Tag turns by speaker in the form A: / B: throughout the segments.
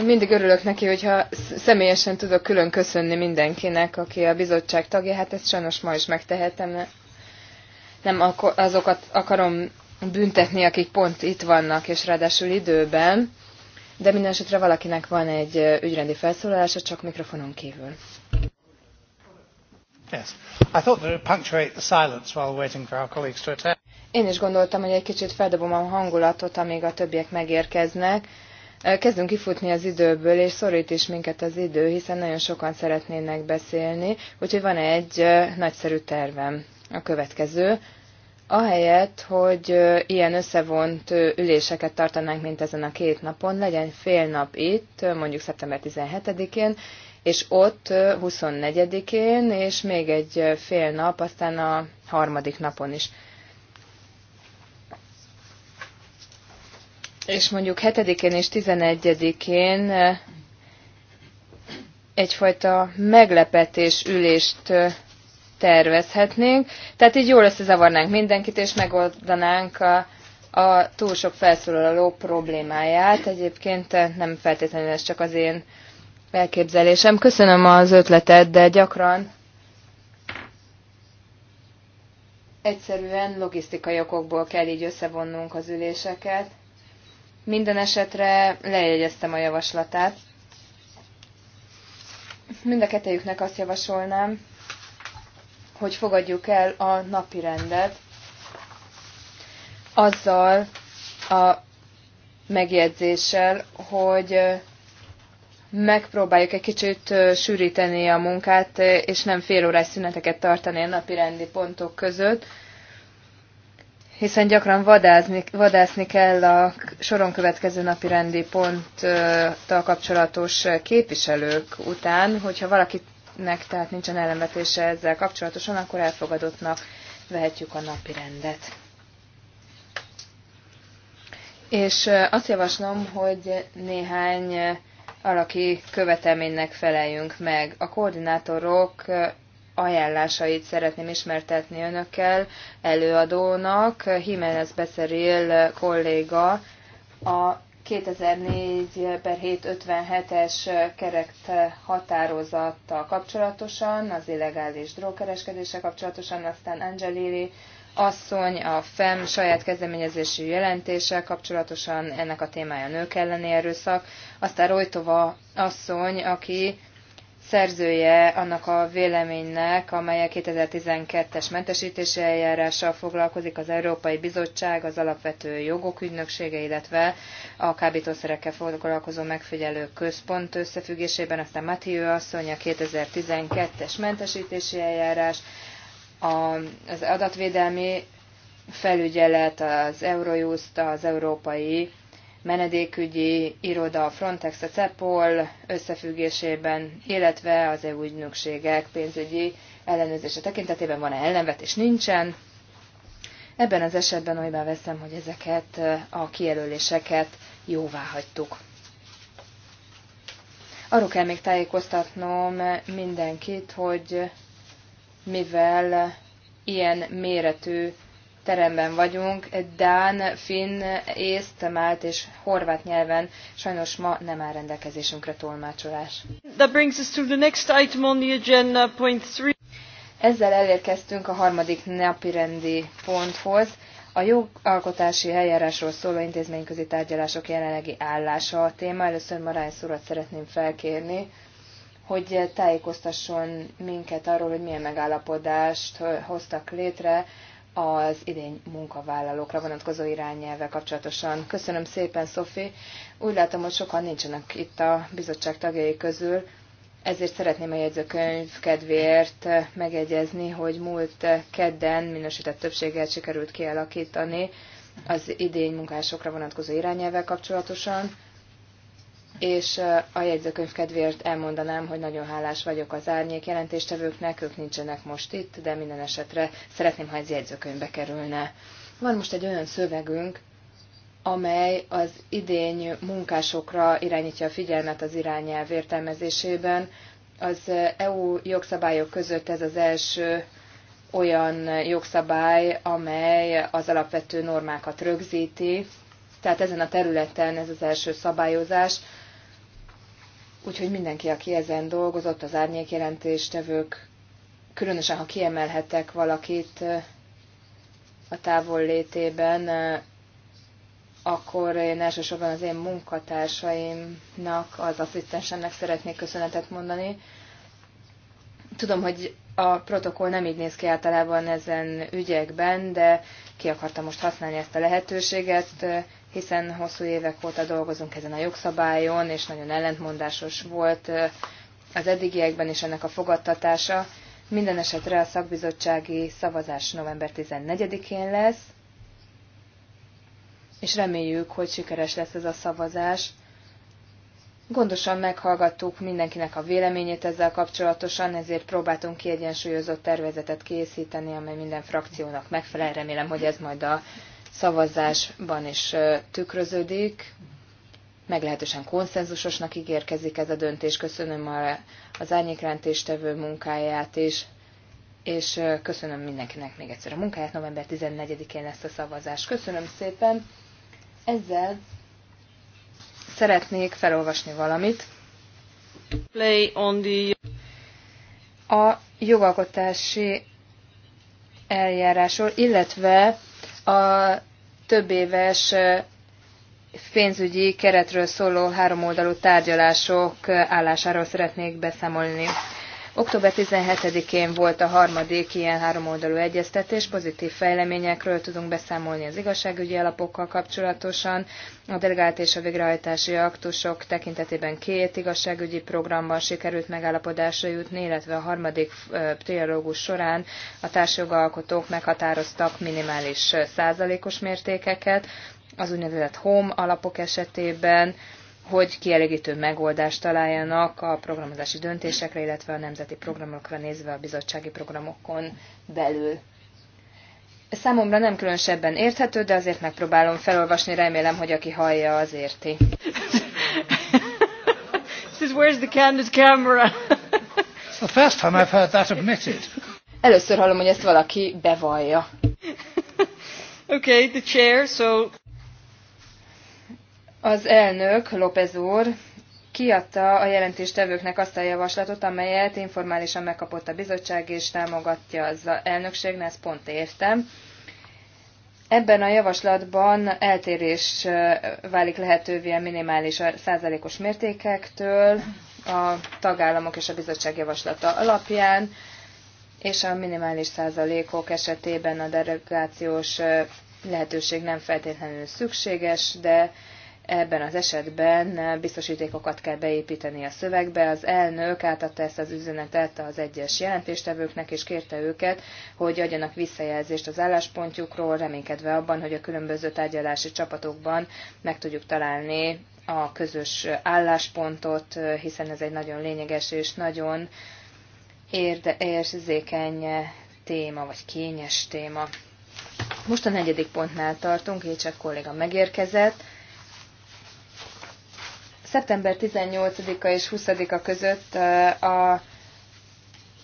A: Mindig örülök neki, hogyha személyesen tudok külön köszönni mindenkinek, aki a bizottság tagja. Hát ezt sajnos ma is megtehetem. Nem azokat akarom büntetni, akik pont itt vannak, és ráadásul időben. De minden esetre valakinek van egy ügyrendi felszólalása, csak mikrofonon kívül. Én is gondoltam, hogy egy kicsit feldobom a hangulatot, amíg a többiek megérkeznek, Kezdünk kifutni az időből, és szorít is minket az idő, hiszen nagyon sokan szeretnének beszélni, úgyhogy van egy nagyszerű tervem. A következő, ahelyett, hogy ilyen összevont üléseket tartanánk, mint ezen a két napon, legyen fél nap itt, mondjuk szeptember 17-én, és ott 24-én, és még egy fél nap, aztán a harmadik napon is. és mondjuk 7-én és 11-én egyfajta meglepetés ülést tervezhetnénk. Tehát így jól összezavarnánk mindenkit, és megoldanánk a, a túl sok felszólaló problémáját. Egyébként nem feltétlenül ez csak az én elképzelésem. Köszönöm az ötletet, de gyakran egyszerűen logisztikai okokból kell így összevonnunk az üléseket. Minden esetre lejegyeztem a javaslatát. Mind a kettőjüknek azt javasolnám, hogy fogadjuk el a napi rendet azzal a megjegyzéssel, hogy megpróbáljuk egy kicsit sűríteni a munkát, és nem fél órás szüneteket tartani a napi rendi pontok között, hiszen gyakran vadászni, vadászni kell a soron következő napi rendi ponttal kapcsolatos képviselők után, hogyha valakinek tehát nincsen ellenvetése ezzel kapcsolatosan, akkor elfogadottnak vehetjük a napi rendet. És azt javaslom, hogy néhány alaki követelménynek feleljünk meg. A koordinátorok ajánlásait szeretném ismertetni önökkel előadónak. Jiménez Beszeril kolléga a 2004 per 757-es kerekt határozattal kapcsolatosan, az illegális drogkereskedése kapcsolatosan, aztán Angelili asszony a FEM saját kezdeményezésű jelentése kapcsolatosan, ennek a témája nők elleni erőszak, aztán Rojtova asszony, aki szerzője annak a véleménynek, amely a 2012-es mentesítési eljárással foglalkozik az Európai Bizottság, az Alapvető Jogok Ügynöksége, illetve a kábítószerekkel foglalkozó megfigyelő központ összefüggésében, aztán Matthieu asszony a 2012-es mentesítési eljárás, az adatvédelmi felügyelet, az Eurojust, az Európai menedékügyi iroda, a Frontex, a CEPOL összefüggésében, illetve az EU ügynökségek pénzügyi ellenőrzése tekintetében van-e ellenvetés? Nincsen. Ebben az esetben olyan veszem, hogy ezeket a kijelöléseket jóvá hagytuk. Arról kell még tájékoztatnom mindenkit, hogy mivel ilyen méretű teremben vagyunk. Dán, finn, Ész, Temált és horvát nyelven sajnos ma nem áll rendelkezésünkre tolmácsolás. That brings us to the next item on the agenda, point three. Ezzel elérkeztünk a harmadik napi rendi ponthoz. A jogalkotási eljárásról szóló intézményközi tárgyalások jelenlegi állása a téma. Először Marány szurat szeretném felkérni, hogy tájékoztasson minket arról, hogy milyen megállapodást hoztak létre az idény munkavállalókra vonatkozó irányelve kapcsolatosan. Köszönöm szépen, Szofi. Úgy látom, hogy sokan nincsenek itt a bizottság tagjai közül, ezért szeretném a jegyzőkönyv kedvéért megegyezni, hogy múlt kedden minősített többséggel sikerült kialakítani az idény munkásokra vonatkozó irányelve kapcsolatosan és a jegyzőkönyv kedvéért elmondanám, hogy nagyon hálás vagyok az árnyék jelentéstevőknek, ők nincsenek most itt, de minden esetre szeretném, ha ez jegyzőkönyvbe kerülne. Van most egy olyan szövegünk, amely az idény munkásokra irányítja a figyelmet az irányelv értelmezésében. Az EU jogszabályok között ez az első olyan jogszabály, amely az alapvető normákat rögzíti, tehát ezen a területen ez az első szabályozás, Úgyhogy mindenki, aki ezen dolgozott, az árnyékjelentéstevők, különösen ha kiemelhetek valakit a távol létében, akkor én elsősorban az én munkatársaimnak, az asszisztensemnek szeretnék köszönetet mondani. Tudom, hogy a protokoll nem így néz ki általában ezen ügyekben, de ki akartam most használni ezt a lehetőséget hiszen hosszú évek óta dolgozunk ezen a jogszabályon, és nagyon ellentmondásos volt az eddigiekben is ennek a fogadtatása. Minden esetre a szakbizottsági szavazás november 14-én lesz, és reméljük, hogy sikeres lesz ez a szavazás. Gondosan meghallgattuk mindenkinek a véleményét ezzel kapcsolatosan, ezért próbáltunk kiegyensúlyozott tervezetet készíteni, amely minden frakciónak megfelel. Remélem, hogy ez majd a szavazásban is tükröződik. Meglehetősen konszenzusosnak ígérkezik ez a döntés. Köszönöm a, az árnyékrendtéstevő munkáját is, és köszönöm mindenkinek még egyszer a munkáját. November 14-én lesz a szavazás. Köszönöm szépen. Ezzel szeretnék felolvasni valamit. Play on the... A jogalkotási eljárásról, illetve a több éves pénzügyi keretről szóló háromoldalú tárgyalások állásáról szeretnék beszámolni. Október 17-én volt a harmadik ilyen háromoldalú egyeztetés, pozitív fejleményekről tudunk beszámolni az igazságügyi alapokkal kapcsolatosan. A delegált és a végrehajtási aktusok tekintetében két igazságügyi programban sikerült megállapodásra jutni, illetve a harmadik trialógus során a társjogalkotók meghatároztak minimális százalékos mértékeket, az úgynevezett home alapok esetében hogy kielégítő megoldást találjanak a programozási döntésekre, illetve a nemzeti programokra nézve a bizottsági programokon belül. Számomra nem különösebben érthető, de azért megpróbálom felolvasni, remélem, hogy aki hallja, az érti. Where's the candid camera?
B: It's the first time I've heard that
A: admitted. Először hallom, hogy ezt valaki bevallja. okay, the chair, so... Az elnök, López úr, kiadta a jelentéstevőknek azt a javaslatot, amelyet informálisan megkapott a bizottság, és támogatja az elnökség ezt pont értem. Ebben a javaslatban eltérés válik lehetővé a minimális százalékos mértékektől a tagállamok és a bizottság javaslata alapján, és a minimális százalékok esetében a delegációs lehetőség nem feltétlenül szükséges, de ebben az esetben biztosítékokat kell beépíteni a szövegbe. Az elnök átadta ezt az üzenetet az egyes jelentéstevőknek, és kérte őket, hogy adjanak visszajelzést az álláspontjukról, reménykedve abban, hogy a különböző tárgyalási csapatokban meg tudjuk találni a közös álláspontot, hiszen ez egy nagyon lényeges és nagyon érzékeny téma, vagy kényes téma. Most a negyedik pontnál tartunk, csak kolléga megérkezett Szeptember 18-a és 20-a között a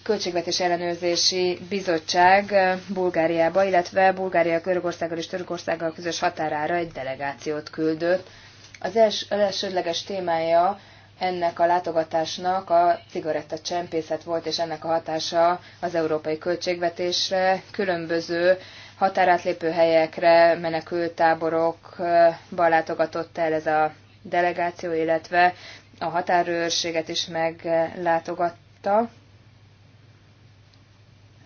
A: Költségvetés Ellenőrzési Bizottság Bulgáriába, illetve Bulgária Görögországgal és Törökországgal közös határára egy delegációt küldött. Az els, elsődleges témája ennek a látogatásnak a cigarettacsempészet volt, és ennek a hatása az európai költségvetésre, különböző határátlépő helyekre, menekültáborokba látogatott el ez a delegáció, illetve a határőrséget is meglátogatta.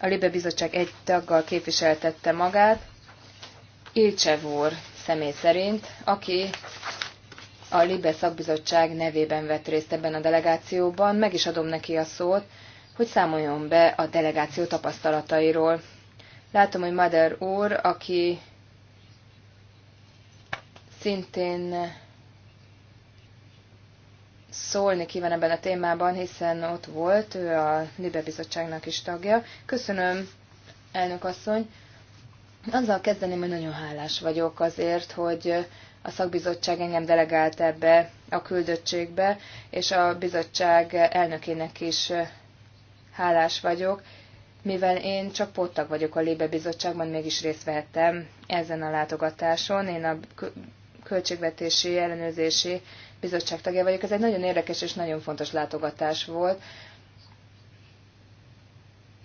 A: A Libe Bizottság egy taggal képviseltette magát, Ilcsev úr személy szerint, aki a Libe szakbizottság nevében vett részt ebben a delegációban. Meg is adom neki a szót, hogy számoljon be a delegáció tapasztalatairól. Látom, hogy Mader úr, aki szintén szólni kíván ebben a témában, hiszen ott volt, ő a Libe Bizottságnak is tagja. Köszönöm, elnök asszony. Azzal kezdeném, hogy nagyon hálás vagyok azért, hogy a szakbizottság engem delegált ebbe a küldöttségbe, és a bizottság elnökének is hálás vagyok, mivel én csak pottag vagyok a Lébe Bizottságban, mégis részt vehettem ezen a látogatáson. Én a Költségvetési Ellenőrzési bizottság tagja vagyok. Ez egy nagyon érdekes és nagyon fontos látogatás volt,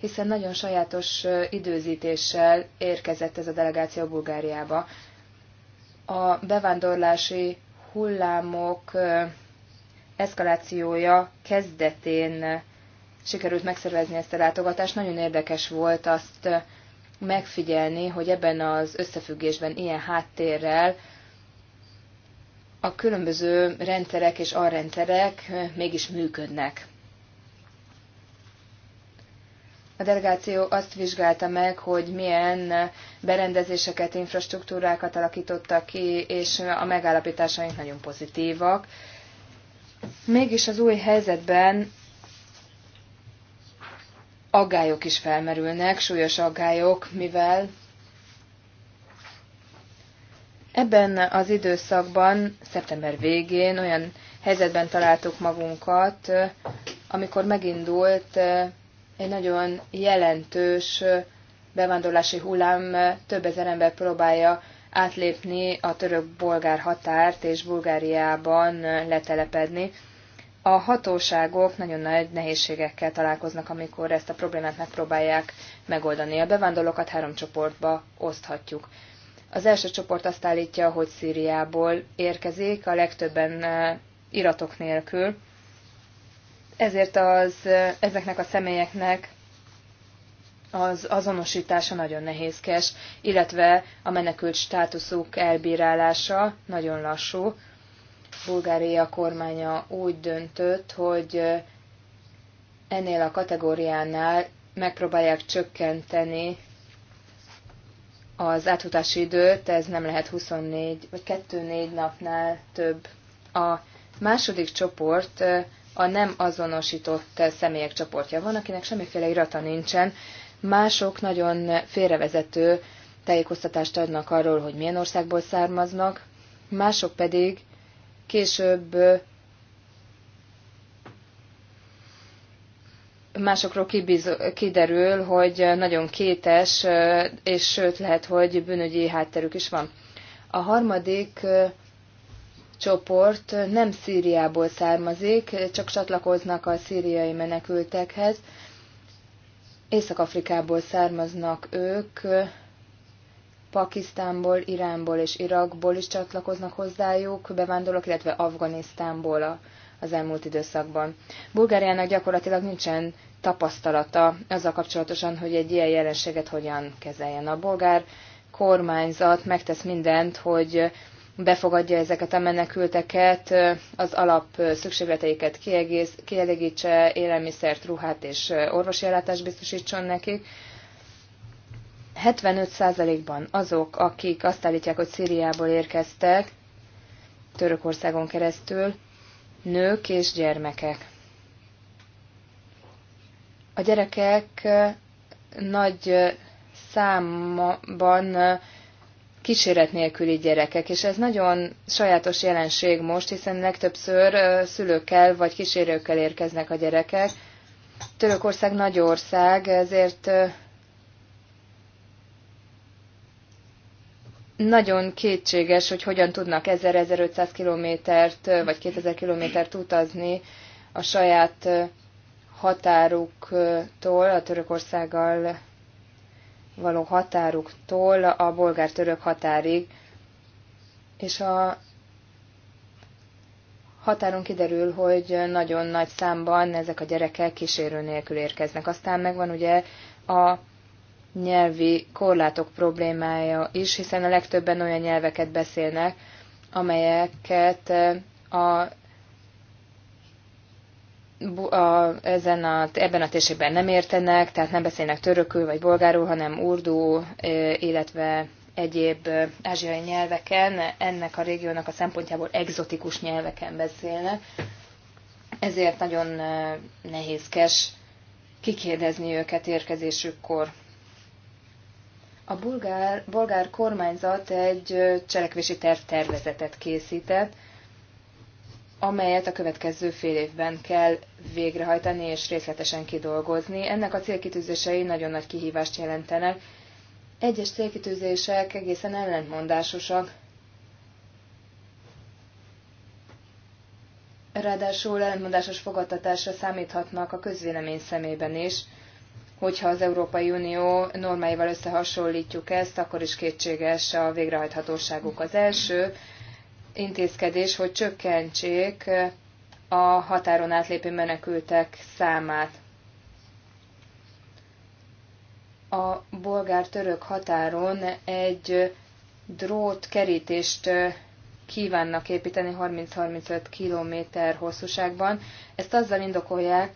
A: hiszen nagyon sajátos időzítéssel érkezett ez a delegáció Bulgáriába. A bevándorlási hullámok eszkalációja kezdetén sikerült megszervezni ezt a látogatást. Nagyon érdekes volt azt megfigyelni, hogy ebben az összefüggésben, ilyen háttérrel a különböző rendszerek és alrendszerek eh, mégis működnek. A delegáció azt vizsgálta meg, hogy milyen berendezéseket, infrastruktúrákat alakítottak ki, és a megállapításaink nagyon pozitívak. Mégis az új helyzetben aggályok is felmerülnek, súlyos aggályok, mivel Ebben az időszakban, szeptember végén olyan helyzetben találtuk magunkat, amikor megindult eh, egy nagyon jelentős eh, bevándorlási hullám, eh, több ezer ember próbálja átlépni a török-bolgár határt és Bulgáriában letelepedni. A hatóságok nagyon nagy nehézségekkel találkoznak, amikor ezt a problémát megpróbálják megoldani. A bevándorlókat három csoportba oszthatjuk. Az első csoport azt állítja, hogy Szíriából érkezik, a legtöbben iratok nélkül. Ezért az, ezeknek a személyeknek az azonosítása nagyon nehézkes, illetve a menekült státuszuk elbírálása nagyon lassú. Bulgária kormánya úgy döntött, hogy ennél a kategóriánál megpróbálják csökkenteni az átutási időt, ez nem lehet 24 vagy 2-4 napnál több. A második csoport a nem azonosított személyek csoportja van, akinek semmiféle irata nincsen. Mások nagyon félrevezető tájékoztatást adnak arról, hogy milyen országból származnak, mások pedig később másokról kiderül, hogy nagyon kétes, és sőt lehet, hogy bűnügyi hátterük is van. A harmadik csoport nem Szíriából származik, csak csatlakoznak a szíriai menekültekhez. Észak-Afrikából származnak ők, Pakisztánból, Iránból és Irakból is csatlakoznak hozzájuk, bevándorlók, illetve Afganisztánból a, az elmúlt időszakban. Bulgáriának gyakorlatilag nincsen tapasztalata azzal kapcsolatosan, hogy egy ilyen jelenséget hogyan kezeljen a bolgár kormányzat, megtesz mindent, hogy befogadja ezeket a menekülteket, az alap szükségleteiket kiegész, kielégítse, élelmiszert, ruhát és orvosi ellátást biztosítson nekik. 75%-ban azok, akik azt állítják, hogy Szíriából érkeztek, Törökországon keresztül, nők és gyermekek. A gyerekek nagy számban kíséret nélküli gyerekek, és ez nagyon sajátos jelenség most, hiszen legtöbbször szülőkkel vagy kísérőkkel érkeznek a gyerekek. Törökország nagy ország, ezért nagyon kétséges, hogy hogyan tudnak 1000-1500 kilométert vagy 2000 kilométert utazni a saját határuktól, a Törökországgal való határuktól a bolgár-török határig, és a határon kiderül, hogy nagyon nagy számban ezek a gyerekek kísérő nélkül érkeznek. Aztán megvan ugye a nyelvi korlátok problémája is, hiszen a legtöbben olyan nyelveket beszélnek, amelyeket a a, ezen a, ebben a térségben nem értenek, tehát nem beszélnek törökül vagy bolgárul, hanem urdu, illetve egyéb ázsiai nyelveken, ennek a régiónak a szempontjából egzotikus nyelveken beszélnek. Ezért nagyon nehézkes kikérdezni őket érkezésükkor. A bulgár, bulgár kormányzat egy cselekvési terv tervezetet készített, amelyet a következő fél évben kell végrehajtani és részletesen kidolgozni. Ennek a célkitűzései nagyon nagy kihívást jelentenek. Egyes célkitűzések egészen ellentmondásosak. Ráadásul ellentmondásos fogadtatásra számíthatnak a közvélemény szemében is, hogyha az Európai Unió normáival összehasonlítjuk ezt, akkor is kétséges a végrehajthatóságuk. Az első, intézkedés, hogy csökkentsék a határon átlépő menekültek számát. A bolgár-török határon egy drót kerítést kívánnak építeni 30-35 km hosszúságban. Ezt azzal indokolják,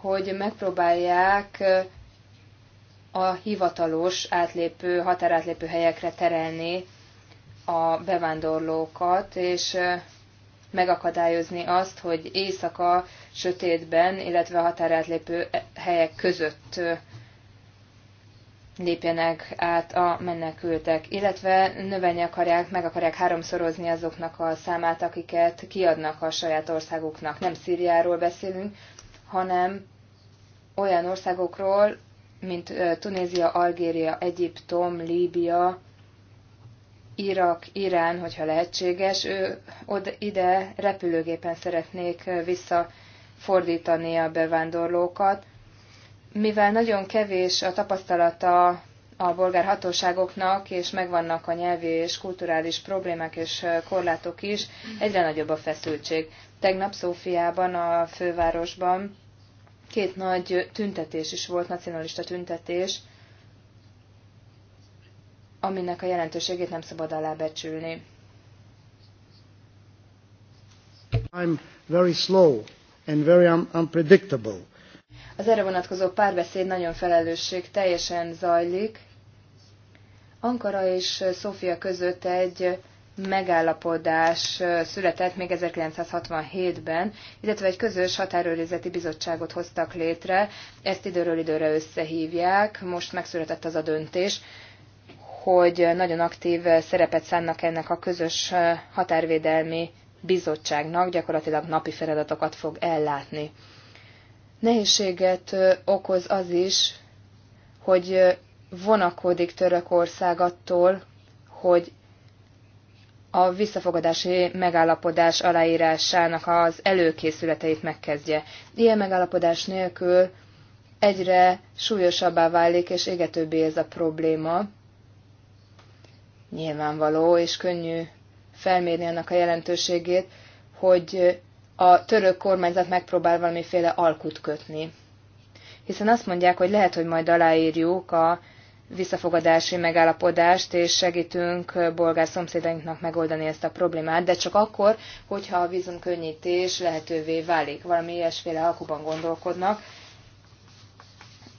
A: hogy megpróbálják a hivatalos átlépő, határátlépő helyekre terelni a bevándorlókat, és megakadályozni azt, hogy éjszaka sötétben, illetve a határátlépő helyek között lépjenek át a menekültek, illetve növelni akarják, meg akarják háromszorozni azoknak a számát, akiket kiadnak a saját országuknak. Nem Szíriáról beszélünk, hanem olyan országokról, mint Tunézia, Algéria, Egyiptom, Líbia, Irak, Irán, hogyha lehetséges, ő od, ide repülőgépen szeretnék visszafordítani a bevándorlókat. Mivel nagyon kevés a tapasztalata a bolgár hatóságoknak, és megvannak a nyelvi és kulturális problémák és korlátok is, egyre nagyobb a feszültség. Tegnap Szófiában, a fővárosban két nagy tüntetés is volt, nacionalista tüntetés, aminek a jelentőségét nem szabad alábecsülni. I'm very slow and very unpredictable. Az erre vonatkozó párbeszéd nagyon felelősség teljesen zajlik. Ankara és Szófia között egy megállapodás született még 1967-ben, illetve egy közös határőrizeti bizottságot hoztak létre, ezt időről időre összehívják, most megszületett az a döntés, hogy nagyon aktív szerepet szánnak ennek a közös határvédelmi bizottságnak, gyakorlatilag napi feladatokat fog ellátni. Nehézséget okoz az is, hogy vonakodik Törökország attól, hogy a visszafogadási megállapodás aláírásának az előkészületeit megkezdje. Ilyen megállapodás nélkül egyre súlyosabbá válik és égetőbbé ez a probléma, nyilvánvaló, és könnyű felmérni annak a jelentőségét, hogy a török kormányzat megpróbál valamiféle alkut kötni. Hiszen azt mondják, hogy lehet, hogy majd aláírjuk a visszafogadási megállapodást, és segítünk bolgár szomszédainknak megoldani ezt a problémát, de csak akkor, hogyha a vízumkönnyítés lehetővé válik. Valami ilyesféle alkuban gondolkodnak.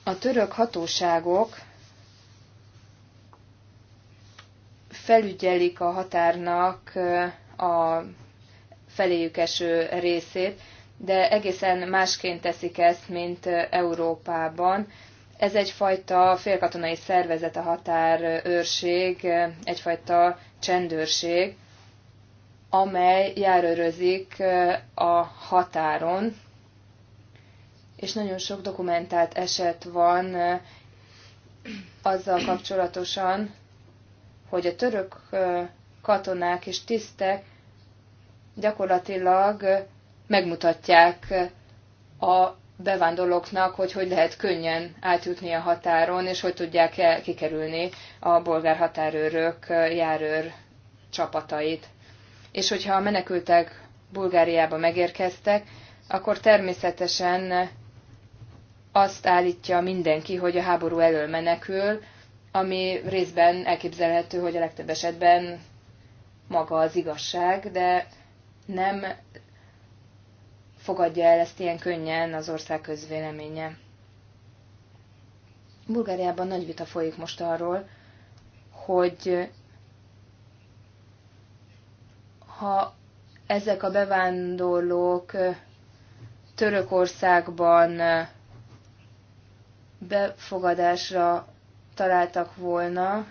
A: A török hatóságok felügyelik a határnak a feléjük eső részét, de egészen másként teszik ezt, mint Európában. Ez egyfajta félkatonai szervezet a határőrség, egyfajta csendőrség, amely járőrözik a határon, és nagyon sok dokumentált eset van azzal kapcsolatosan, hogy a török katonák és tisztek gyakorlatilag megmutatják a bevándorlóknak, hogy hogy lehet könnyen átjutni a határon, és hogy tudják -e kikerülni a bolgár határőrök járőr csapatait. És hogyha a menekültek Bulgáriába megérkeztek, akkor természetesen azt állítja mindenki, hogy a háború elől menekül, ami részben elképzelhető, hogy a legtöbb esetben maga az igazság, de nem fogadja el ezt ilyen könnyen az ország közvéleménye. Bulgáriában nagy vita folyik most arról, hogy ha ezek a bevándorlók Törökországban befogadásra találtak volna,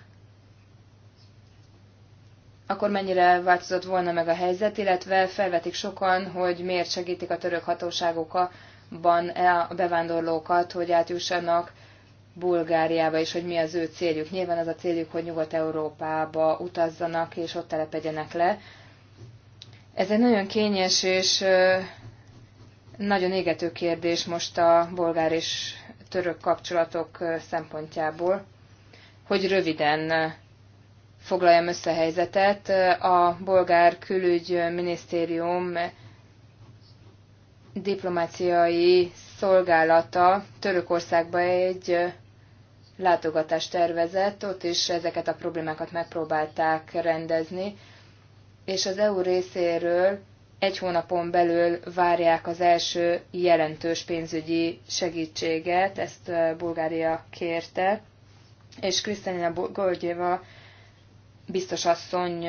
A: akkor mennyire változott volna meg a helyzet, illetve felvetik sokan, hogy miért segítik a török hatóságokban e a bevándorlókat, hogy átjussanak Bulgáriába, és hogy mi az ő céljuk. Nyilván az a céljuk, hogy Nyugat-Európába utazzanak, és ott telepedjenek le. Ez egy nagyon kényes és nagyon égető kérdés most a bolgár és török kapcsolatok szempontjából, hogy röviden foglaljam össze a helyzetet. A bolgár külügyminisztérium diplomáciai szolgálata Törökországba egy látogatást tervezett, ott is ezeket a problémákat megpróbálták rendezni, és az EU részéről egy hónapon belül várják az első jelentős pénzügyi segítséget, ezt Bulgária kérte, és Krisztina Gorgyeva biztos asszony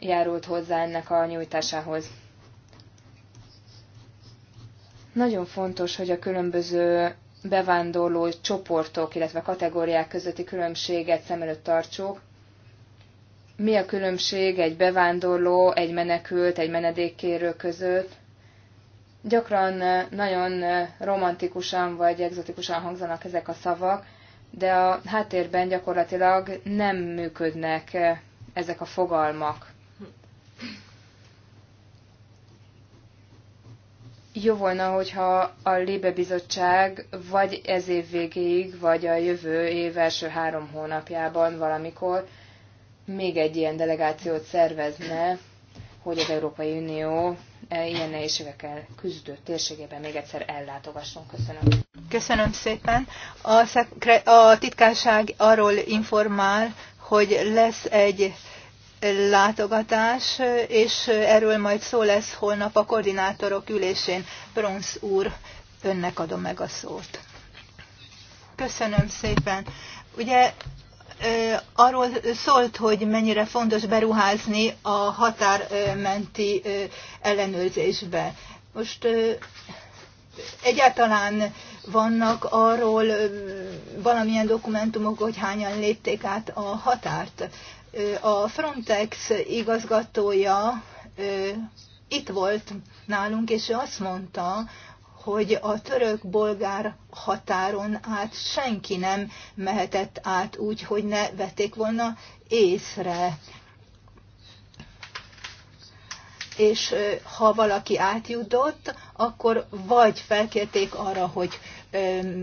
A: járult hozzá ennek a nyújtásához. Nagyon fontos, hogy a különböző bevándorló csoportok, illetve kategóriák közötti különbséget szem előtt tartsuk, mi a különbség egy bevándorló, egy menekült, egy menedékkérő között. Gyakran eh, nagyon eh, romantikusan vagy egzotikusan hangzanak ezek a szavak, de a háttérben gyakorlatilag nem működnek eh, ezek a fogalmak. Jó volna, hogyha a Lébe Bizottság vagy ez év végéig, vagy a jövő év első három hónapjában valamikor még egy ilyen delegációt szervezne, hogy az Európai Unió e, ilyen nehézségekkel küzdő térségében még egyszer ellátogasson Köszönöm.
B: Köszönöm szépen. A, szekre- a titkárság arról informál, hogy lesz egy látogatás, és erről majd szó lesz holnap a koordinátorok ülésén. Bronz úr, önnek adom meg a szót. Köszönöm szépen. Ugye arról szólt, hogy mennyire fontos beruházni a határmenti ellenőrzésbe. Most egyáltalán vannak arról valamilyen dokumentumok, hogy hányan lépték át a határt. A Frontex igazgatója itt volt nálunk, és ő azt mondta, hogy a török-bolgár határon át senki nem mehetett át úgy, hogy ne vették volna észre. És ha valaki átjutott, akkor vagy felkérték arra, hogy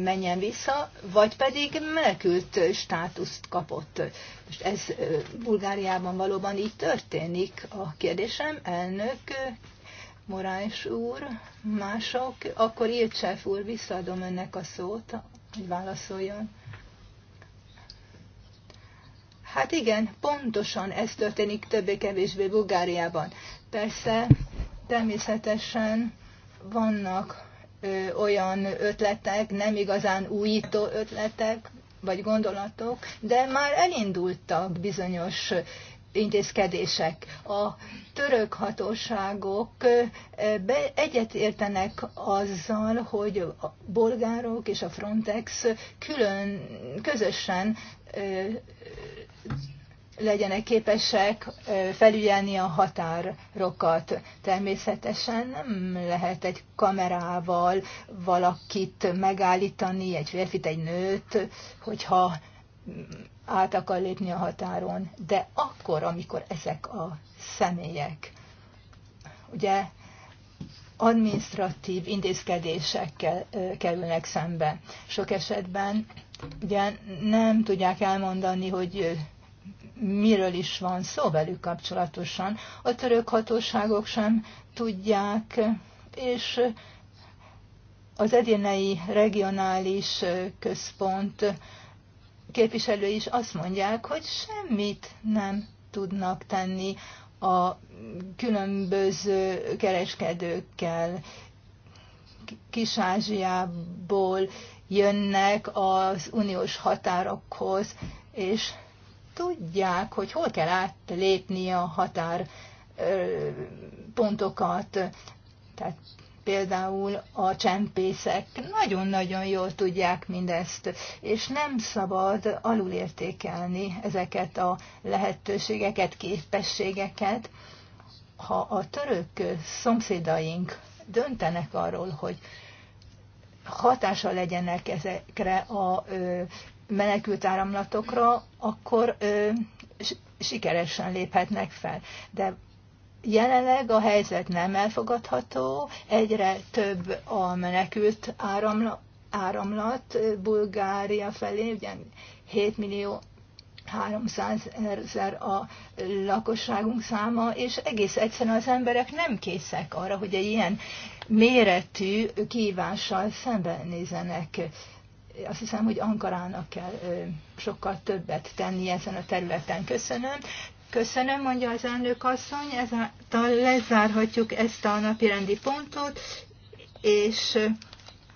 B: menjen vissza, vagy pedig menekült státuszt kapott. Most ez Bulgáriában valóban így történik. A kérdésem, elnök, Moráns úr, mások, akkor Ilcsef úr, visszaadom önnek a szót, hogy válaszoljon. Hát igen, pontosan ez történik többé-kevésbé Bulgáriában. Persze, természetesen vannak ö, olyan ötletek, nem igazán újító ötletek, vagy gondolatok, de már elindultak bizonyos intézkedések. A török hatóságok egyetértenek azzal, hogy a bolgárok és a Frontex külön, közösen legyenek képesek felügyelni a határokat. Természetesen nem lehet egy kamerával valakit megállítani, egy férfit, egy nőt, hogyha át akar lépni a határon, de akkor, amikor ezek a személyek, ugye administratív intézkedésekkel kerülnek szembe. Sok esetben ugye nem tudják elmondani, hogy miről is van szó velük kapcsolatosan. A török hatóságok sem tudják, és az edénei regionális központ Képviselői is azt mondják, hogy semmit nem tudnak tenni a különböző kereskedőkkel. Kis-Ázsiából jönnek az uniós határokhoz, és tudják, hogy hol kell átlépni a határpontokat. Tehát például a csempészek nagyon-nagyon jól tudják mindezt, és nem szabad alulértékelni ezeket a lehetőségeket, képességeket. Ha a török szomszédaink döntenek arról, hogy hatása legyenek ezekre a menekült áramlatokra, akkor sikeresen léphetnek fel. De Jelenleg a helyzet nem elfogadható, egyre több a menekült áramla, áramlat Bulgária felé, ugye 7 millió 300 ezer a lakosságunk száma, és egész egyszerűen az emberek nem készek arra, hogy egy ilyen méretű kívással szembenézenek. Azt hiszem, hogy Ankarának kell sokkal többet tenni ezen a területen. Köszönöm. Köszönöm, mondja az elnök asszony, ezáltal lezárhatjuk ezt a napirendi pontot, és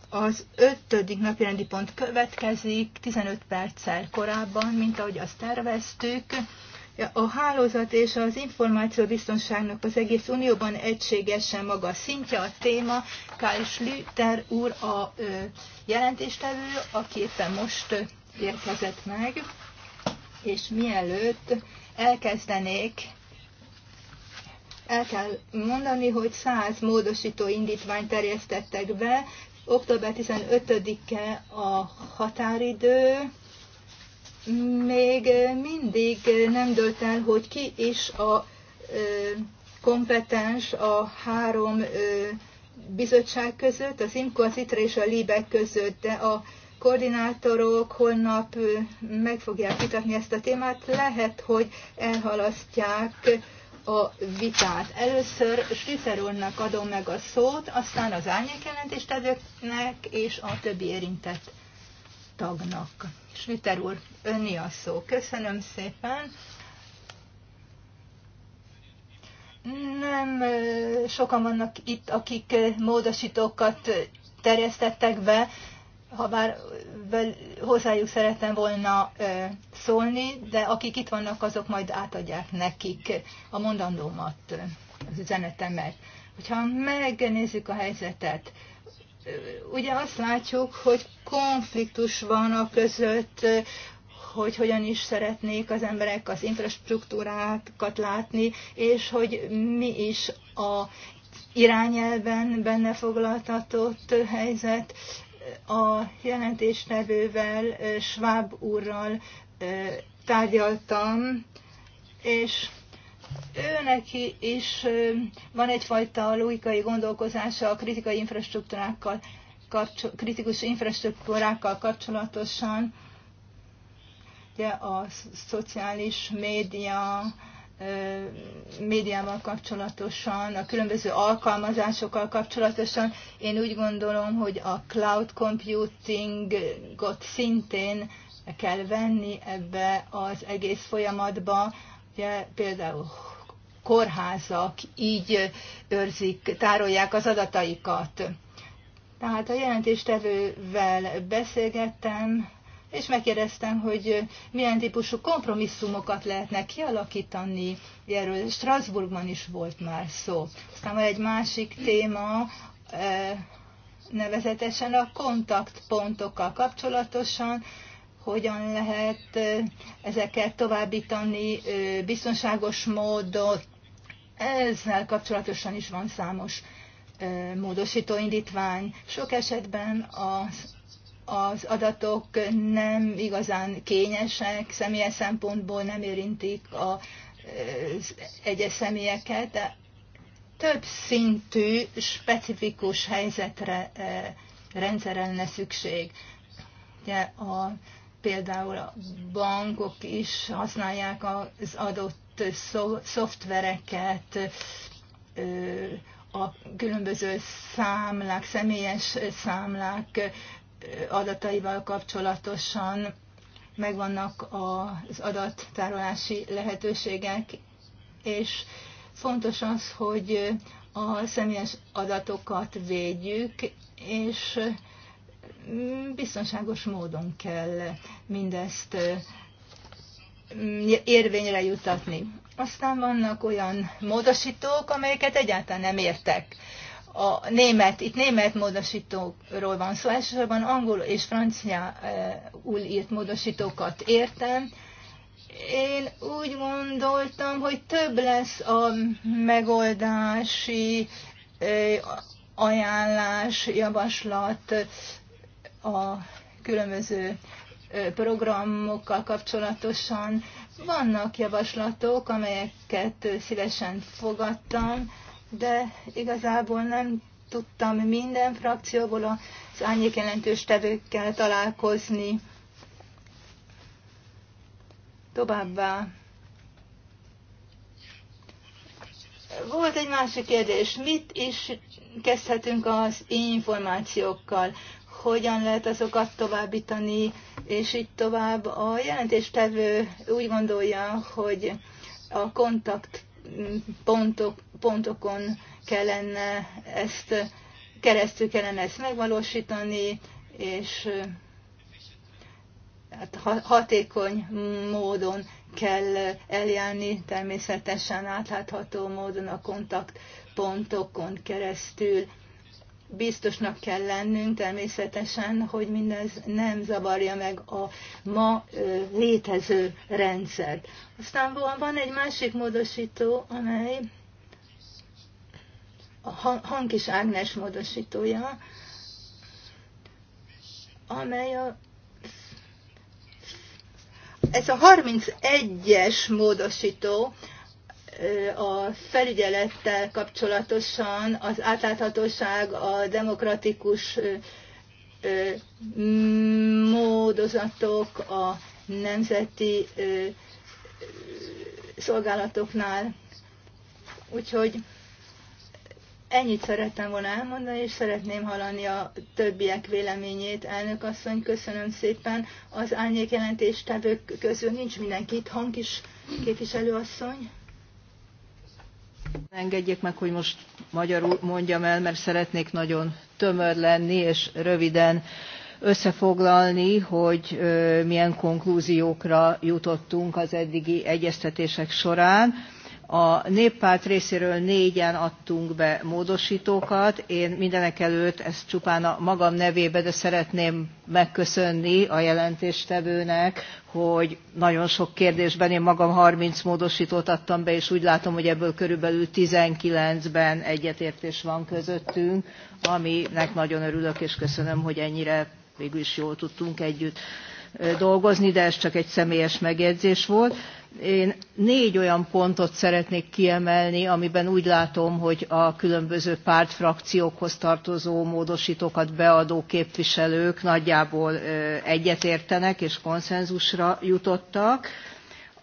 B: az ötödik napirendi pont következik 15 perccel korábban, mint ahogy azt terveztük. A hálózat és az információbiztonságnak az egész unióban egységesen maga szintje a téma. Kyle Lüter úr a jelentéstevő, aki éppen most érkezett meg, és mielőtt elkezdenék. El kell mondani, hogy 100 módosító indítványt terjesztettek be. Október 15-e a határidő. Még mindig nem dölt el, hogy ki is a kompetens a három bizottság között, az IMCO, az ITRE és a LIBEK között, de a koordinátorok holnap meg fogják vitatni ezt a témát, lehet, hogy elhalasztják a vitát. Először Schlitter úrnak adom meg a szót, aztán az árnyékjelentéstevőknek és a többi érintett tagnak. Schlitter úr, önni a szó. Köszönöm szépen. Nem sokan vannak itt, akik módosítókat terjesztettek be, ha bár hozzájuk szerettem volna szólni, de akik itt vannak, azok majd átadják nekik a mondandómat, az üzenetemet. Hogyha megnézzük a helyzetet, ugye azt látjuk, hogy konfliktus van a között, hogy hogyan is szeretnék az emberek az infrastruktúrákat látni, és hogy mi is a irányelben benne foglaltatott helyzet a jelentéstevővel, Schwab úrral tárgyaltam, és ő neki is van egyfajta logikai gondolkozása a kritikai infrastruktúrákkal, kritikus infrastruktúrákkal kapcsolatosan. Ugye a szociális média, médiával kapcsolatosan, a különböző alkalmazásokkal kapcsolatosan. Én úgy gondolom, hogy a cloud computingot szintén kell venni ebbe az egész folyamatba. Ugye például kórházak így őrzik, tárolják az adataikat. Tehát a jelentéstevővel beszélgettem, és megkérdeztem, hogy milyen típusú kompromisszumokat lehetne kialakítani, erről Strasbourgban is volt már szó. Aztán van egy másik téma, nevezetesen a kontaktpontokkal kapcsolatosan, hogyan lehet ezeket továbbítani biztonságos módon. Ezzel kapcsolatosan is van számos módosító indítvány. Sok esetben az az adatok nem igazán kényesek, személyes szempontból nem érintik a egyes személyeket, de több szintű, specifikus helyzetre, e, rendszeren lenne szükség. Ugye a, például a bankok is használják az adott szoftvereket, a különböző számlák, személyes számlák adataival kapcsolatosan megvannak az adattárolási lehetőségek, és fontos az, hogy a személyes adatokat védjük, és biztonságos módon kell mindezt mm, érvényre jutatni. Aztán vannak olyan módosítók, amelyeket egyáltalán nem értek a német, itt német módosítókról van szó, szóval elsősorban angol és franciául e, írt módosítókat értem. Én úgy gondoltam, hogy több lesz a megoldási e, ajánlás, javaslat a különböző e, programokkal kapcsolatosan. Vannak javaslatok, amelyeket szívesen fogadtam, de igazából nem tudtam minden frakcióból az árnyék jelentős tevőkkel találkozni. Továbbá. Volt egy másik kérdés. Mit is kezdhetünk az információkkal? Hogyan lehet azokat továbbítani, és így tovább? A jelentéstevő úgy gondolja, hogy a kontaktpontok pontokon kellene ezt, keresztül kellene ezt megvalósítani, és eh, hát hatékony módon kell eljárni, természetesen átlátható módon a kontaktpontokon keresztül. Biztosnak kell lennünk természetesen, hogy mindez nem zavarja meg a ma eh, létező rendszert. Aztán van egy másik módosító, amely a Hankis Ágnes módosítója, amely a ez a 31-es módosító a felügyelettel kapcsolatosan az átláthatóság, a demokratikus módozatok a nemzeti szolgálatoknál. Úgyhogy Ennyit szerettem volna elmondani, és szeretném hallani a többiek véleményét. Elnök asszony, köszönöm szépen. Az árnyék jelentéstevők közül nincs mindenki itt. hang is asszony.
C: Engedjék meg, hogy most magyarul mondjam el, mert szeretnék nagyon tömör lenni, és röviden összefoglalni, hogy milyen konklúziókra jutottunk az eddigi egyeztetések során a néppárt részéről négyen adtunk be módosítókat. Én mindenek előtt ezt csupán a magam nevébe, de szeretném megköszönni a jelentéstevőnek, hogy nagyon sok kérdésben én magam 30 módosítót adtam be, és úgy látom, hogy ebből körülbelül 19-ben egyetértés van közöttünk, aminek nagyon örülök, és köszönöm, hogy ennyire végül is jól tudtunk együtt dolgozni, de ez csak egy személyes megjegyzés volt. Én négy olyan pontot szeretnék kiemelni, amiben úgy látom, hogy a különböző pártfrakciókhoz tartozó módosítókat beadó képviselők nagyjából egyetértenek és konszenzusra jutottak.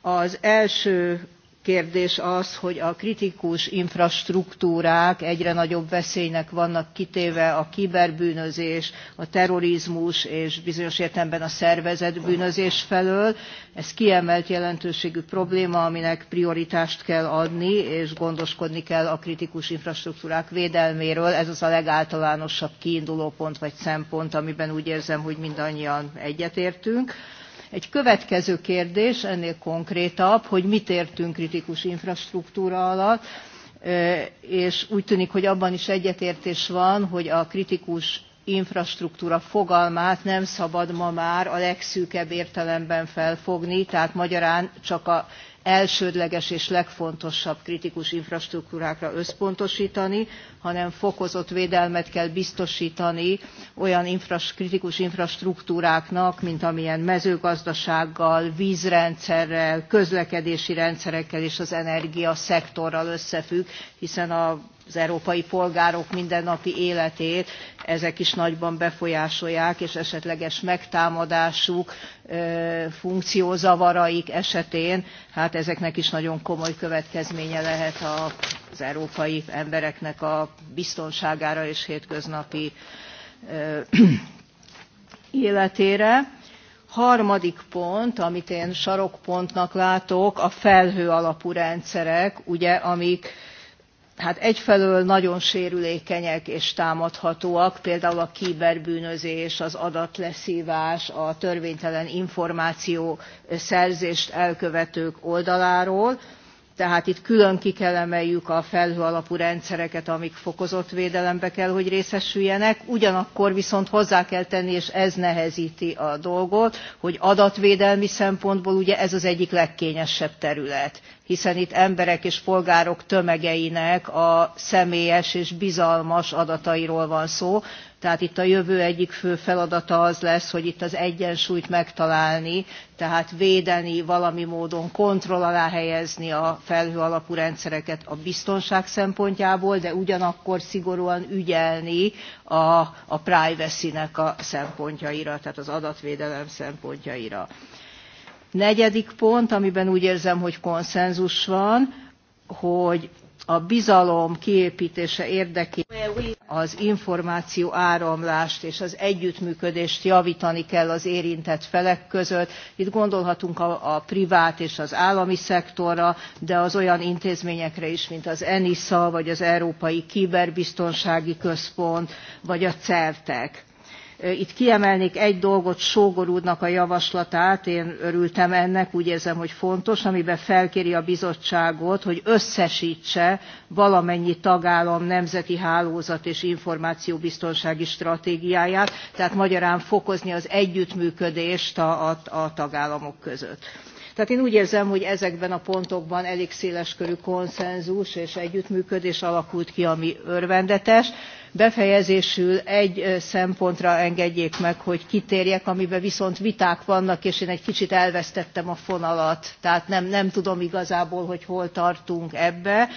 C: Az első kérdés az, hogy a kritikus infrastruktúrák egyre nagyobb veszélynek vannak kitéve a kiberbűnözés, a terrorizmus és bizonyos értelemben a szervezett bűnözés felől. Ez kiemelt jelentőségű probléma, aminek prioritást kell adni, és gondoskodni kell a kritikus infrastruktúrák védelméről. Ez az a legáltalánosabb kiindulópont vagy szempont, amiben úgy érzem, hogy mindannyian egyetértünk. Egy következő kérdés, ennél konkrétabb, hogy mit értünk kritikus infrastruktúra alatt, és úgy tűnik, hogy abban is egyetértés van, hogy a kritikus infrastruktúra fogalmát nem szabad ma már a legszűkebb értelemben felfogni, tehát magyarán csak a elsődleges és legfontosabb kritikus infrastruktúrákra összpontosítani, hanem fokozott védelmet kell biztosítani olyan infras, kritikus infrastruktúráknak, mint amilyen mezőgazdasággal, vízrendszerrel, közlekedési rendszerekkel és az energiaszektorral összefügg, hiszen a az európai polgárok mindennapi életét ezek is nagyban befolyásolják és esetleges megtámadásuk funkciózavaraik esetén hát ezeknek is nagyon komoly következménye lehet az európai embereknek a biztonságára és hétköznapi életére. Harmadik pont, amit én sarokpontnak látok, a felhő alapú rendszerek, ugye, amik hát egyfelől nagyon sérülékenyek és támadhatóak például a kiberbűnözés az adatleszvás a törvénytelen információ elkövetők oldaláról tehát itt külön ki kell emeljük a felhő alapú rendszereket amik fokozott védelemben kell hogy részesüljenek ugyanakkor viszont hozzá kell tenni és ez nehezti a dolgot hogy adatvédelmi szempontból ugye ez az egyik legkényesebb terület hiszen itt emberek és polgárok tömegeinek a személyes és bizalmas adatairól van szó tehát itt a jövő egyik fő feladata az lesz hogy itt az egyensúlyt megtalálni tehát védeni valami módon kontroll alá helyezni a felhő alapú rendszereket a biztonság szempontjából de ugyanakkor szigorúan ügyelni a, a privacy nek a szempontjaira tehát az adatvédelem szempontjaira. Negyedik pont, amiben úgy érzem, hogy konszenzus van, hogy a bizalom kiépítése érdekében az információ áramlást és az együttműködést javítani kell az érintett felek között. Itt gondolhatunk a, a privát és az állami szektorra, de az olyan intézményekre is, mint az ENISA, vagy az Európai Kiberbiztonsági Központ, vagy a CERTEK itt kiemelnék egy dolgot sógor úrnak a javaslatát én örültem ennek úgy érzem hogy fontos amiben felkéri a bizottságot hogy összesítse valamennyi tagállam nemzeti hálózat és információbiztonsági stratégiáját tehát magyarán fokozni az együttműködést a, a, a tagállamok között. Tehát én úgy érzem, hogy ezekben a pontokban elég széleskörű konszenzus és együttműködés alakult ki, ami örvendetes befejezésül egy szempontra engedjék meg hogy kitérjek amiben viszont viták vannak és én egy kicsit elvesztettem a fonalat tehát nem, nem tudom igazából hogy hol tartunk ebbe.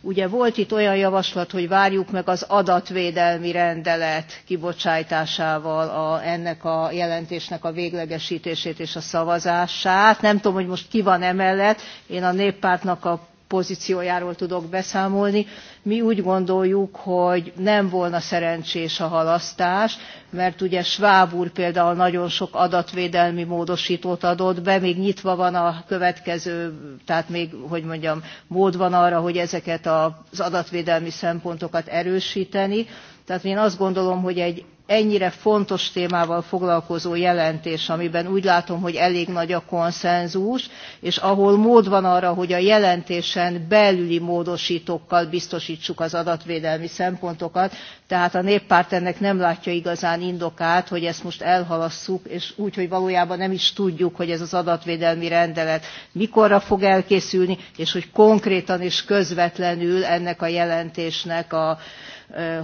C: ugye volt itt olyan javaslat hogy várjuk meg az adatvédelmi rendelet kibocsátásával a, ennek a jelentésnek a véglegesítését és a szavazását nem tudom hogy most ki van emellett én a néppártnak a pozíciójáról tudok beszámolni. Mi úgy gondoljuk, hogy nem volna szerencsés a halasztás, mert ugye Schwab úr például nagyon sok adatvédelmi módosítót adott be, még nyitva van a következő, tehát még, hogy mondjam, mód van arra, hogy ezeket az adatvédelmi szempontokat erősíteni. Tehát én azt gondolom, hogy egy ennyire fontos témával foglalkozó jelentés, amiben úgy látom, hogy elég nagy a konszenzus, és ahol mód van arra, hogy a jelentésen belüli módosítókkal biztosítsuk az adatvédelmi szempontokat, tehát a néppárt ennek nem látja igazán indokát, hogy ezt most elhalasszuk, és úgy, hogy valójában nem is tudjuk, hogy ez az adatvédelmi rendelet mikorra fog elkészülni, és hogy konkrétan és közvetlenül ennek a jelentésnek a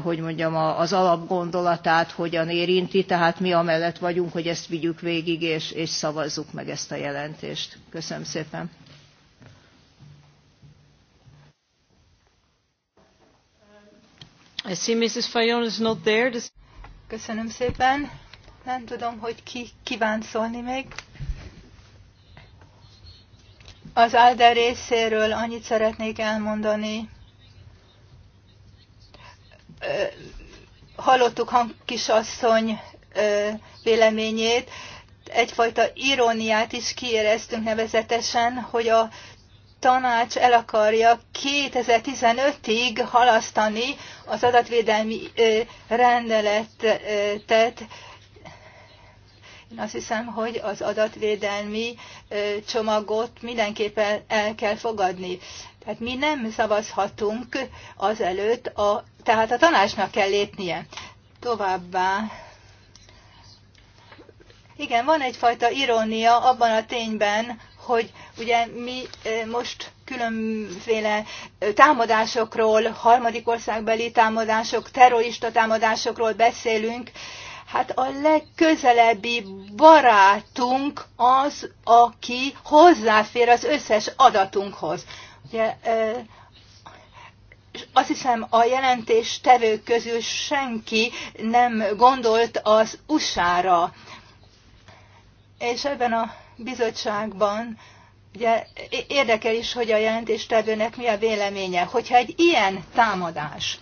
C: hogy mondjam, az alapgondolatát hogyan érinti, tehát mi amellett vagyunk, hogy ezt vigyük végig, és, és szavazzuk meg ezt a jelentést. Köszönöm szépen. I see Mrs. Fajon is not there.
B: Köszönöm szépen. Nem tudom, hogy ki kíván szólni még. Az Alder részéről annyit szeretnék elmondani, hallottuk kisasszony véleményét, egyfajta iróniát is kiéreztünk nevezetesen, hogy a tanács el akarja 2015-ig halasztani az adatvédelmi rendeletet. Én azt hiszem, hogy az adatvédelmi csomagot mindenképpen el kell fogadni. Tehát mi nem szavazhatunk azelőtt, a, tehát a tanácsnak kell lépnie. Továbbá igen, van egyfajta irónia abban a tényben, hogy ugye mi eh, most különféle eh, támadásokról, harmadik országbeli támadások, terrorista támadásokról beszélünk. Hát a legközelebbi barátunk az, aki hozzáfér az összes adatunkhoz. Ugye, azt hiszem a jelentés tevők közül senki nem gondolt az USA-ra. És ebben a bizottságban ugye érdekel is, hogy a tevőnek mi a véleménye. Hogyha egy ilyen támadás,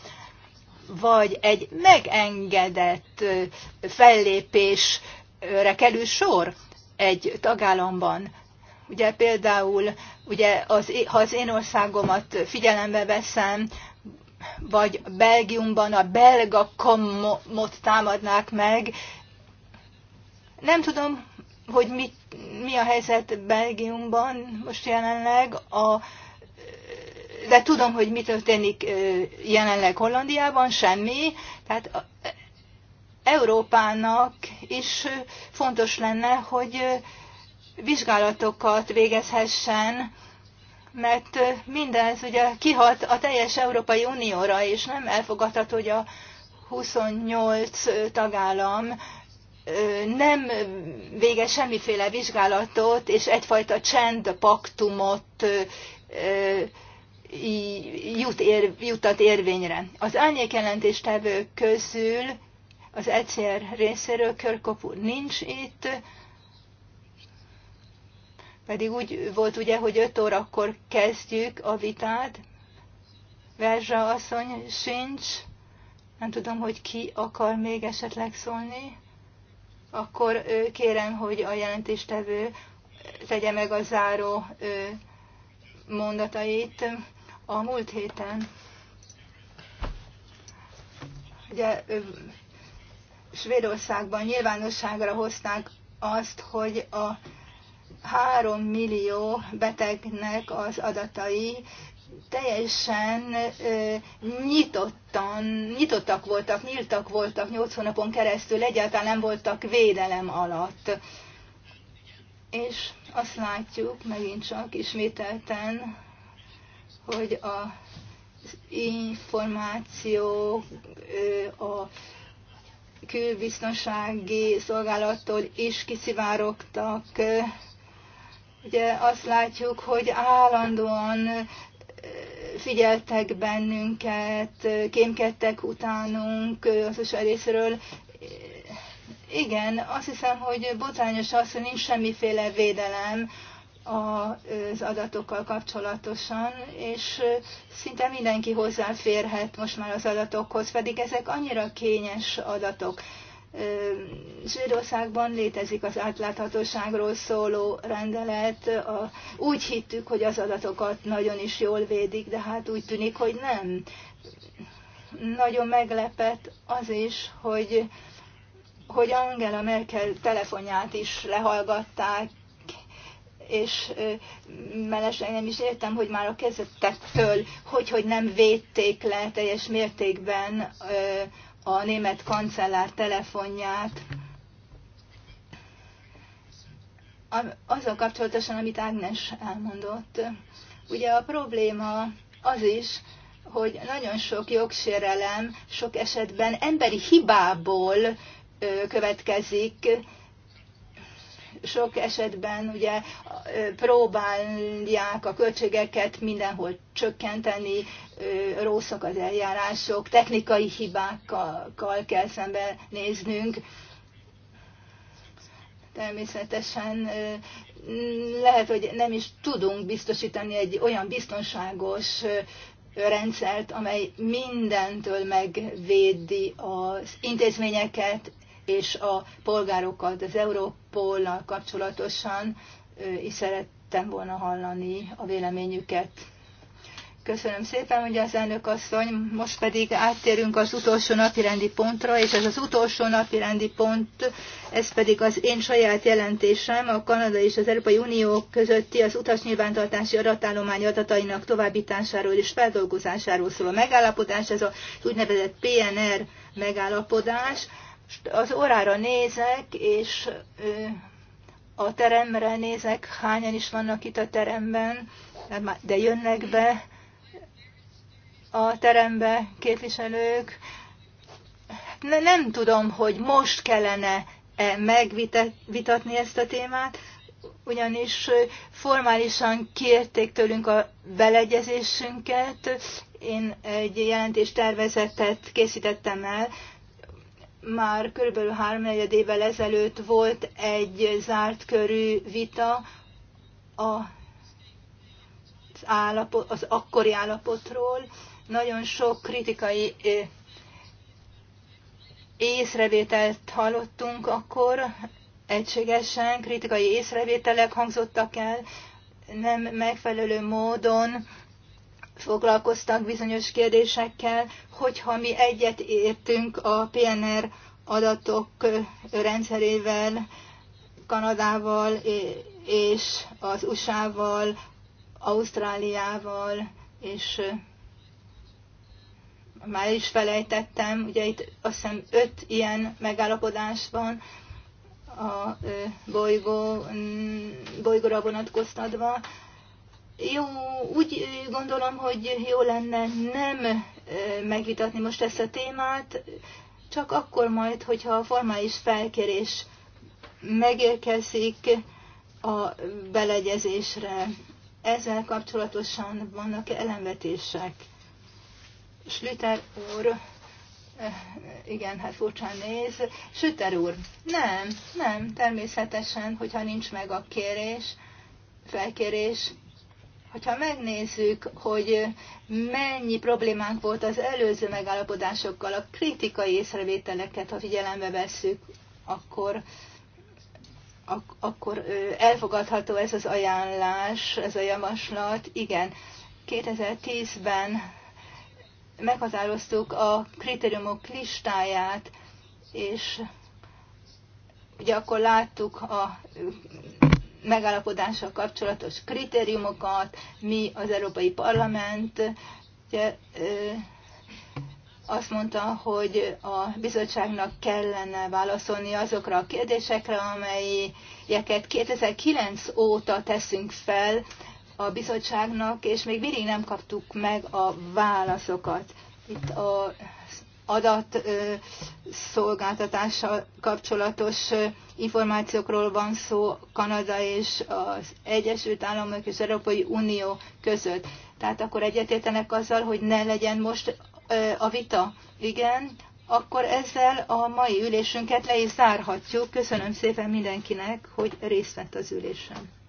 B: vagy egy megengedett fellépésre kerül sor egy tagállamban, Ugye például, ugye az, ha az én országomat figyelembe veszem, vagy Belgiumban a belga kamot támadnák meg. Nem tudom, hogy mit, mi a helyzet Belgiumban most jelenleg, a, de tudom, hogy mi történik jelenleg Hollandiában, semmi. Tehát Európának is fontos lenne, hogy vizsgálatokat végezhessen, mert mindez ugye kihat a teljes Európai Unióra, és nem elfogadható, hogy a 28 tagállam nem vége semmiféle vizsgálatot, és egyfajta csendpaktumot jut ér, juttat érvényre. Az árnyékjelentéstevők közül az ECR részéről Körkopú nincs itt, pedig úgy volt ugye, hogy 5 órakor kezdjük a vitát. Verzsa asszony sincs. Nem tudom, hogy ki akar még esetleg szólni. Akkor kérem, hogy a jelentéstevő tegye meg a záró mondatait. A múlt héten ugye Svédországban nyilvánosságra hozták azt, hogy a 3 millió betegnek az adatai teljesen ö, nyitottan, nyitottak voltak, nyíltak voltak 8 hónapon keresztül, egyáltalán nem voltak védelem alatt. És azt látjuk megint csak ismételten, hogy a információ, a külbiztonsági szolgálattól is kiszivárogtak, Ugye azt látjuk, hogy állandóan figyeltek bennünket, kémkedtek utánunk az USA részről. Igen, azt hiszem, hogy botrányos az, hogy nincs semmiféle védelem az adatokkal kapcsolatosan, és szinte mindenki hozzáférhet most már az adatokhoz, pedig ezek annyira kényes adatok. Svédországban létezik az átláthatóságról szóló rendelet. úgy hittük, hogy az adatokat nagyon is jól védik, de hát úgy tűnik, hogy nem. Nagyon meglepett az is, hogy, hogy Angela Merkel telefonját is lehallgatták, és mellesleg nem is értem, hogy már a kezdetektől, hogy, hogy nem védték le teljes mértékben ö, a német kancellár telefonját, azzal kapcsolatosan, amit Ágnes elmondott. Ugye a probléma az is, hogy nagyon sok jogsérelem sok esetben emberi hibából következik, sok esetben ugye próbálják a költségeket mindenhol csökkenteni, rosszak az eljárások, technikai hibákkal kell szembenéznünk. Természetesen lehet, hogy nem is tudunk biztosítani egy olyan biztonságos rendszert, amely mindentől megvédi az intézményeket, és a polgárokat az Európollal kapcsolatosan is szerettem volna hallani a véleményüket. Köszönöm szépen, hogy az elnök asszony. Most pedig áttérünk az utolsó napirendi pontra, és ez az utolsó napirendi pont, ez pedig az én saját jelentésem, a Kanada és az Európai Unió közötti az utasnyilvántartási adatállomány adatainak továbbításáról és feldolgozásáról szóló megállapodás, ez az úgynevezett PNR megállapodás az órára nézek, és a teremre nézek, hányan is vannak itt a teremben, de jönnek be a terembe képviselők. Hát nem tudom, hogy most kellene -e megvitatni ezt a témát, ugyanis formálisan kérték tőlünk a beleegyezésünket. Én egy jelentéstervezetet készítettem el, már körülbelül háromnegyed évvel ezelőtt volt egy zárt körű vita a az, állapot, az akkori állapotról. Nagyon sok kritikai észrevételt hallottunk akkor, egységesen kritikai észrevételek hangzottak el, nem megfelelő módon foglalkoztak bizonyos kérdésekkel, hogyha mi egyet értünk a PNR adatok rendszerével, Kanadával és az USA-val, Ausztráliával, és már is felejtettem, ugye itt azt hiszem öt ilyen megállapodás van a bolygó, bolygóra vonatkoztatva, jó, úgy gondolom, hogy jó lenne nem megvitatni most ezt a témát, csak akkor majd, hogyha a formális felkérés megérkezik a belegyezésre. Ezzel kapcsolatosan vannak elemvetések. Slüter úr, igen, hát furcsán néz. Süter úr, nem, nem, természetesen, hogyha nincs meg a kérés, felkérés, Hogyha megnézzük, hogy mennyi problémánk volt az előző megállapodásokkal, a kritikai észrevételeket, ha figyelembe vesszük, akkor ak- akkor elfogadható ez az ajánlás, ez a javaslat. Igen, 2010-ben meghatároztuk a kritériumok listáját, és ugye akkor láttuk a megállapodással kapcsolatos kritériumokat, mi az Európai Parlament ugye, azt mondta, hogy a bizottságnak kellene válaszolni azokra a kérdésekre, amelyeket 2009 óta teszünk fel a bizottságnak, és még mindig nem kaptuk meg a válaszokat. Itt a adatszolgáltatással kapcsolatos információkról van szó Kanada és az Egyesült Államok és Európai Unió között. Tehát akkor egyetértenek azzal, hogy ne legyen most a vita. Igen, akkor ezzel a mai ülésünket le is zárhatjuk. Köszönöm szépen mindenkinek, hogy részt vett az ülésen.